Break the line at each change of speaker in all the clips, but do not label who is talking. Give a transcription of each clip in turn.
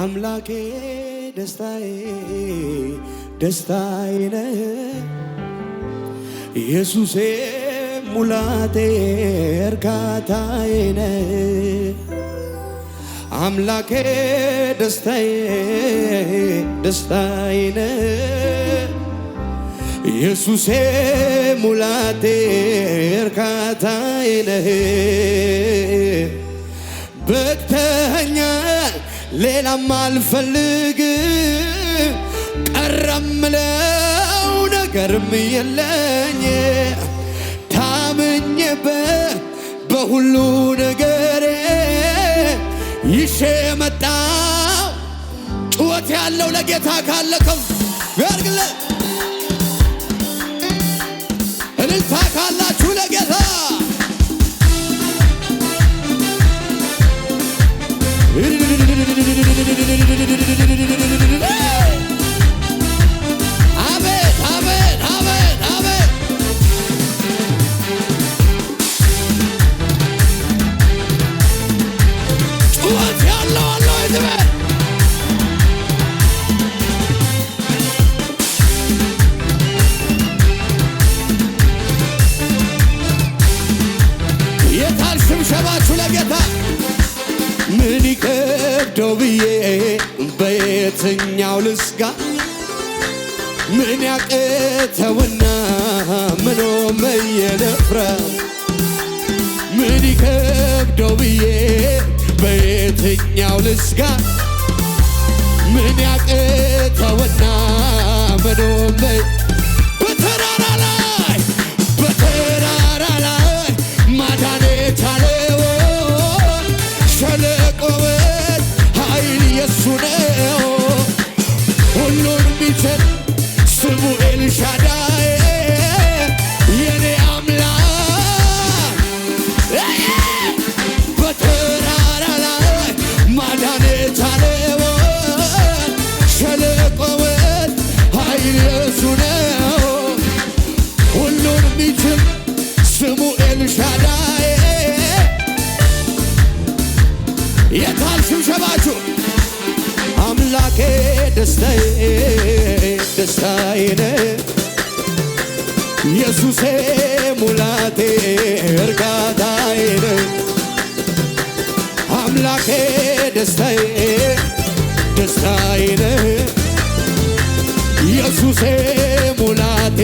አምላኬ ደስታዬ ደስታዬ ነህ ኢየሱሴ ሙላቴ እርካታዬ ነህ አምላኬ ደስታዬ ደስታዬ ነህ ኢየሱሴ ሙላቴ እርካታዬ ነህ ሌላም አልፈልግ ቀረምለው ነገርም የለኝ ታምኜበት በሁሉ ነገሬ ይሼ መጣው ጩኸት ያለው ለጌታ ካለከው ያርግለ እልልታ ካላችሁ ለጌታ Thank you. የትኛው ልስጋ? ምን ያቅተውና ምኖ መየለፍረ ምን ይከብደው ብዬ በየትኛው ልስጋ? ምን ያቅተውና ምኖ ኤልሻዳይ የኔ አምላክ በተራራ ላይ ማዳኔ ታለው ሸለቆውን ኃይለሱ ነው ሁሉን የሚችል ስሙ ኤልሻዳይ የታል ሽብሸባችሁ አምላኬ ደስታዬ ደስታዬ ኢየሱሴ ሙላቴ እርካታዬ አምላኬ ደስታዬ ደስታዬ ኢየሱሴ ሙላቴ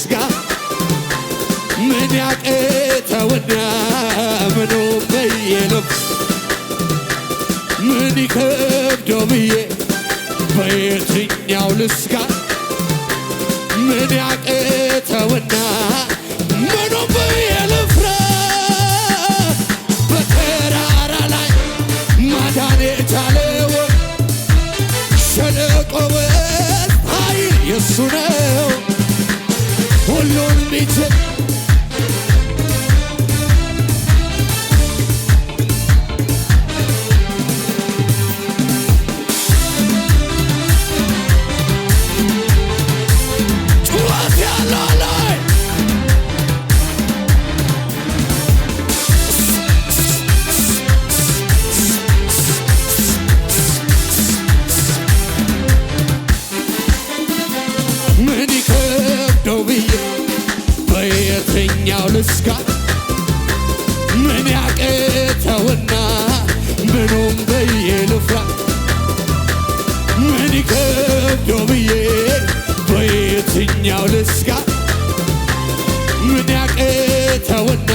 ስጋ ምን ያቅተውና ምኑ ብዬ ነው ምን ብዬ በየትኛው ልስጋ ምን ልፍራ በተራራ ላይ ማዳን የቻለው ሸለቆ ውስጥ ኃይል የሱ ነው waiting በላይኛው ልስጋ ምን ያቅተውና ምኑም ብዬ ልፍራ ምን ይከብዶ ብዬ በየትኛው ልስካ ምን ያቅተውና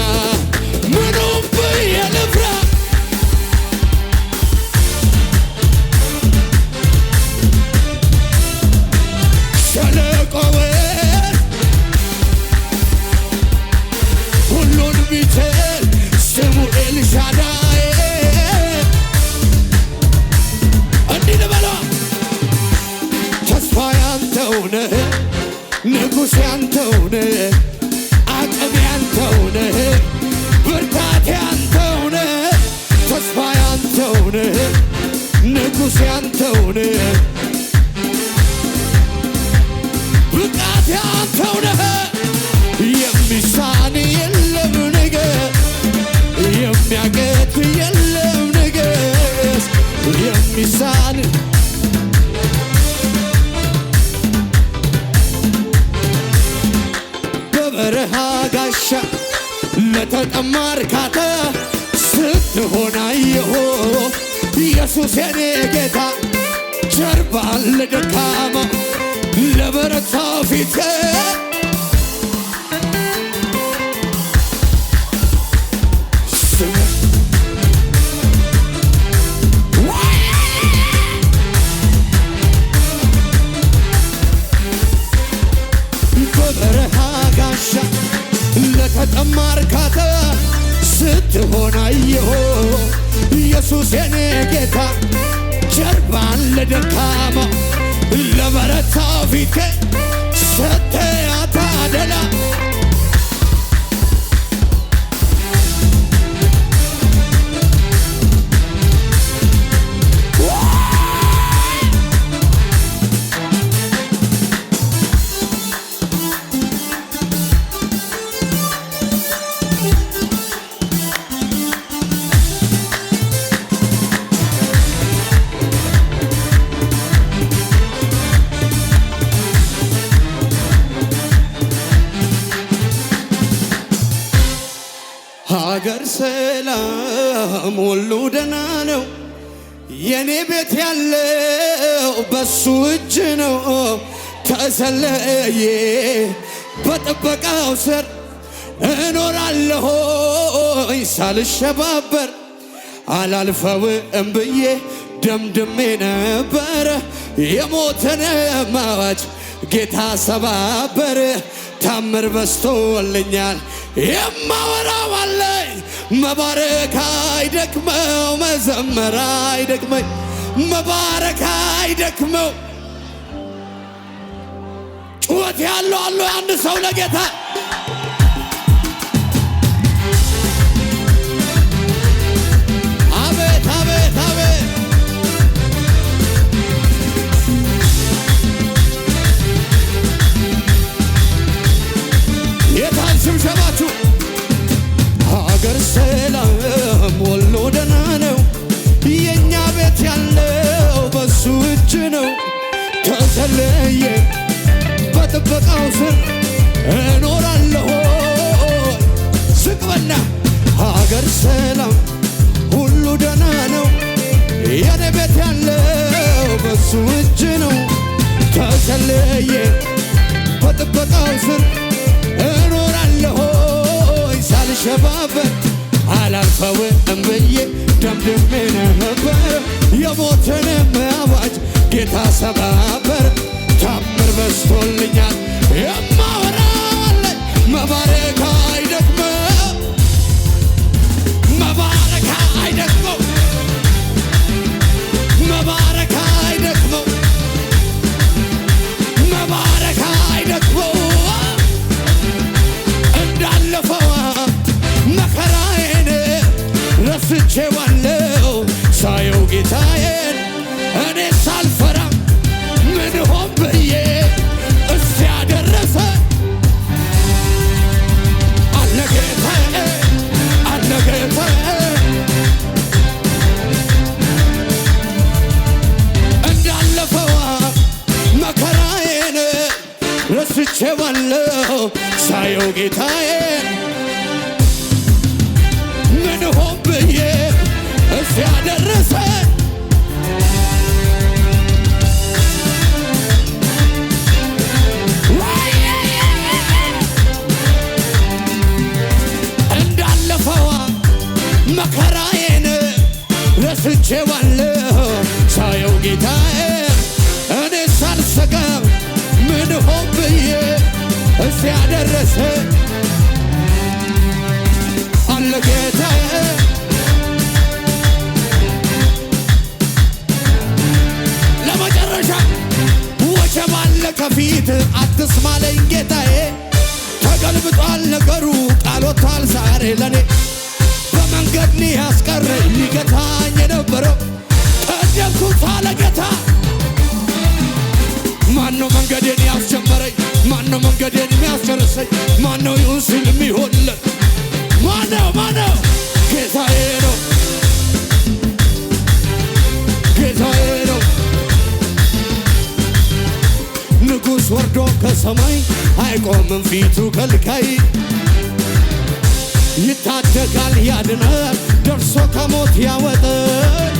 ሚዛን በበረሃ ጋሻ ለተጠማ እርካታ ስትሆን አየሁ ኢየሱስ የኔ ጌታ ጀርባ ለደካማ ለበረታ ፊቴ ሰላም ሁሉ ደና ነው። የኔ ቤት ያለው በሱ እጅ ነው። ተሰለየ በጥበቃው ስር እኖራለሁ ሳልሸባበር አላልፈው እምብዬ ደምድሜ ነበረ የሞትን ማዋጅ ጌታ ሰባበር ታምር በስቶልኛል የማወራው አለ መባረክ አይደክመው፣ መዘመር አይደክመኝ፣ መባረክ አይደክመው። ጩኸት ያለው አለው አንድ ሰው ለጌታ በእሱ እጅ ነው ተሰለየ በጥበቃው ስር እኖራለሁ ሳልሸባበር አላልፈውም ብዬ ደምድሜ ነበር የሞትን አዋጅ ጌታ ሰባበር ታምር በስቶልኛል ወስጄዋለው ሳየው ጌታዬን እኔ ሳልፈራ ምን ሆን ብዬ ያደረሰ አለ ጌታዬ አለ መከራዬን ረስቼዋለው ሳየው ጌታዬን ምን ሆን ያደረሰን ማነው መንገዴን ያስጀመረኝ? ማነው መንገዴን የሚያስጨርሰኝ? ማነው ይሁን ሲል የሚሆንልን ማነው? ማነው? ጌታዬ ነው፣ ጌታዬ ነው። ንጉሥ ወርዶ ከሰማይ አይቆምም ፊቱ ከልካይ ይታደጋል ያድናል ደርሶ ከሞት ያወጣል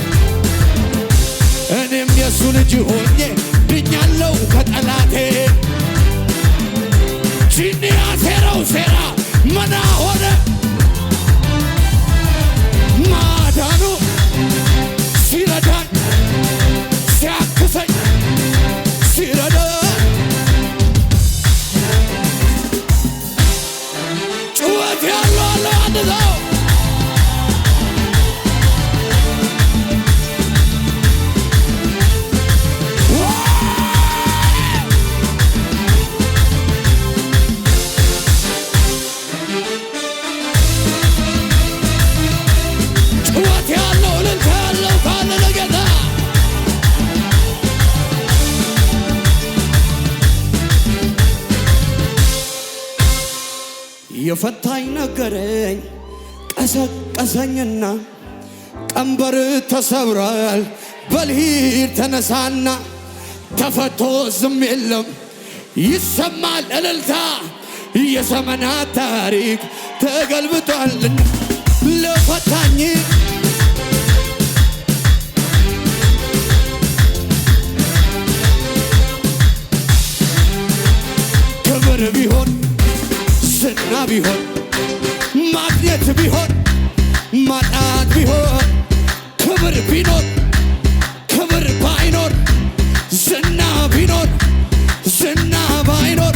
እኔም የእሱ ልጅ ሆኜ የፈታኝ ነገረኝ ቀሰቀሰኝና ቀንበር ተሰብሯል በልሂድ ተነሳና ተፈቶ ዝም የለም ይሰማል እልልታ የዘመናት ታሪክ ተገልብጧልና ለፈታኝ ቢሆን ማግኘት ቢሆን ማጣት ቢሆን ክብር ቢኖር ክብር ባይኖር ዝና ቢኖር ዝና ባይኖር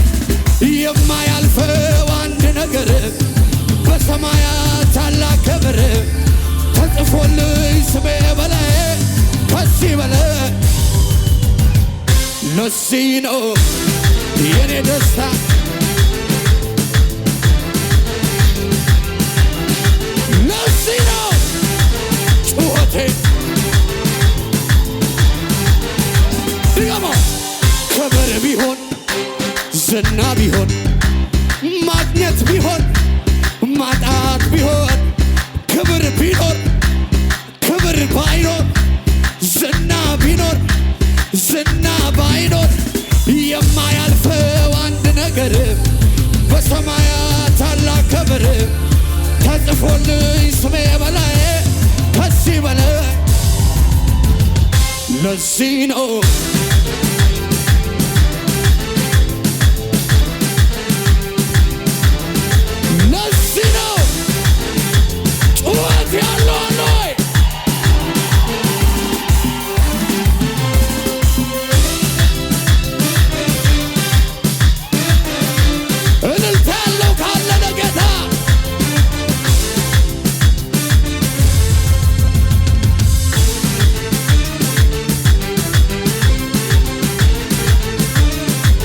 የማያልፈው አንድ ነገር በሰማያት ታላቅ ክብር ተጽፎልኝ ስሜ በላይ ከዚህ በላይ ለዚህ ነው የኔ ደስታ ፍቅር ቢሆን ዝና ቢሆን ማግኘት ቢሆን ማጣት ቢሆን ክብር ቢኖር ክብር ባይኖር ዝና ቢኖር ዝና ባይኖር የማያልፈው አንድ ነገር በሰማያት ታላቅ ክብር ተጽፎልኝ ስሜ በላይ ከዚህ በላይ ለዚህ ነው